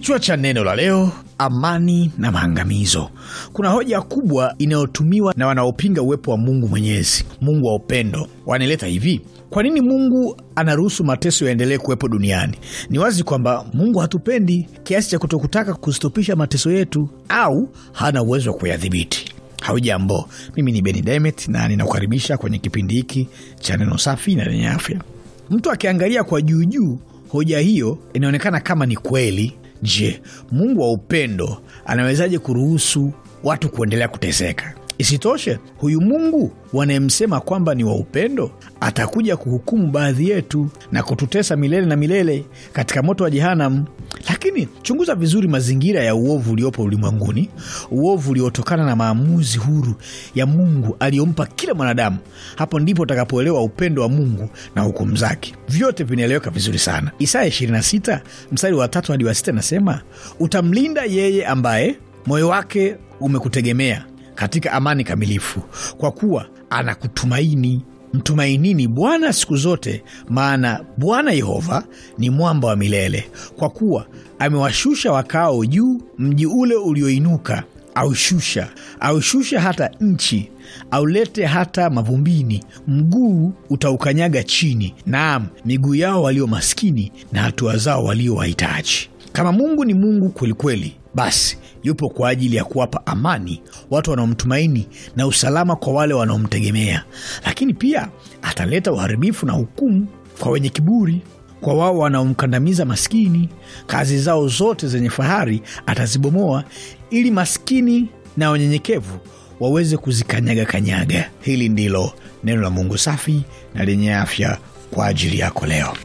Kichwa cha neno la leo: amani na maangamizo. Kuna hoja kubwa inayotumiwa na wanaopinga uwepo wa Mungu Mwenyezi, Mungu wa upendo. Wanaeleta hivi: kwa nini Mungu anaruhusu mateso yaendelee kuwepo duniani? Ni wazi kwamba Mungu hatupendi kiasi cha kutokutaka kustopisha mateso yetu, au hana uwezo wa kuyadhibiti. Haujambo, mimi ni Beni Demet na ninakukaribisha kwenye kipindi hiki cha neno safi na lenye afya. Mtu akiangalia kwa juujuu, hoja hiyo inaonekana kama ni kweli Je, Mungu wa upendo anawezaje kuruhusu watu kuendelea kuteseka? Isitoshe, huyu Mungu wanayemsema kwamba ni wa upendo atakuja kuhukumu baadhi yetu na kututesa milele na milele katika moto wa jehanamu. Lakini chunguza vizuri mazingira ya uovu uliopo ulimwenguni, uovu uliotokana na maamuzi huru ya Mungu aliyompa kila mwanadamu. Hapo ndipo utakapoelewa upendo wa Mungu na hukumu zake. Vyote vinaeleweka vizuri sana. Isaya 26 mstari wa tatu hadi wa sita nasema, utamlinda yeye ambaye moyo wake umekutegemea katika amani kamilifu, kwa kuwa anakutumaini. Mtumainini Bwana siku zote, maana Bwana Yehova ni mwamba wa milele, kwa kuwa amewashusha wakao juu. Mji ule ulioinuka aushusha, aushusha hata nchi, aulete hata mavumbini. Mguu utaukanyaga chini, naam miguu yao walio maskini na hatua zao walio wahitaji. Kama Mungu ni Mungu kweli kweli, basi yupo kwa ajili ya kuwapa amani watu wanaomtumaini na usalama kwa wale wanaomtegemea, lakini pia ataleta uharibifu na hukumu kwa wenye kiburi, kwa wao wanaomkandamiza maskini. Kazi zao zote zenye fahari atazibomoa, ili maskini na wanyenyekevu waweze kuzikanyaga kanyaga. Hili ndilo neno la Mungu safi na lenye afya kwa ajili yako leo.